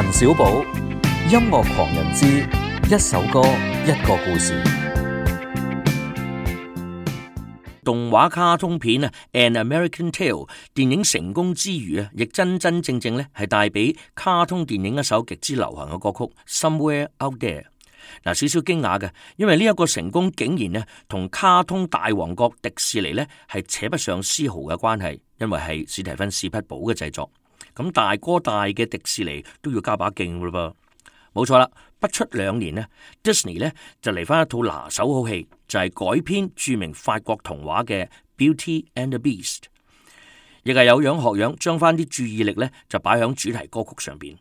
陳少寶，音樂狂人之一首歌，一個故事，動畫卡通片啊，《An American Tale》電影成功之餘啊，亦真真正正咧係帶俾卡通電影一首極之流行嘅歌曲《Somewhere Out There》。嗱，少少驚訝嘅，因為呢一個成功竟然咧同卡通大王國迪士尼咧係扯不上絲毫嘅關係，因為係史提芬史匹堡嘅製作。咁大哥大嘅迪士尼都要加把勁噶啦噃，冇錯啦，不出兩年呢，Disney 呢就嚟翻一套拿手好戲，就係、是、改編著名法國童話嘅 Beauty and the Beast，亦係有樣學樣，將翻啲注意力呢就擺響主題歌曲上邊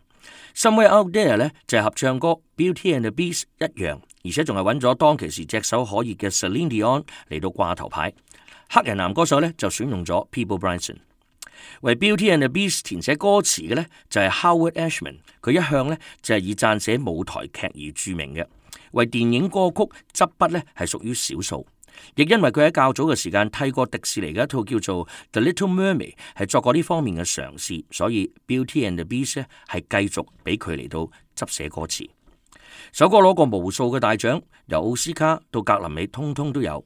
，Somewhere Out There 呢就係合唱歌 Beauty and the Beast 一樣，而且仲係揾咗當其時炙手可熱嘅 Celine Dion 嚟到掛頭牌，黑人男歌手呢就選用咗 Peabo Bryson。為《Beauty and the Beast》填寫歌詞嘅呢，就係 Howard Ashman，佢一向呢，就係以撰寫舞台劇而著名嘅，為電影歌曲執筆呢，係屬於少數，亦因為佢喺較早嘅時間替過迪士尼嘅一套叫做《The Little Mermaid》係作過呢方面嘅嘗試，所以《Beauty and the Beast》呢，係繼續俾佢嚟到執寫歌詞，首歌攞過無數嘅大獎，由奧斯卡到格林美，通通都有。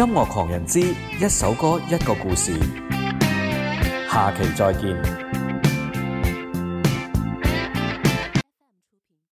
音樂狂人之，一首歌，一個故事，下期再見。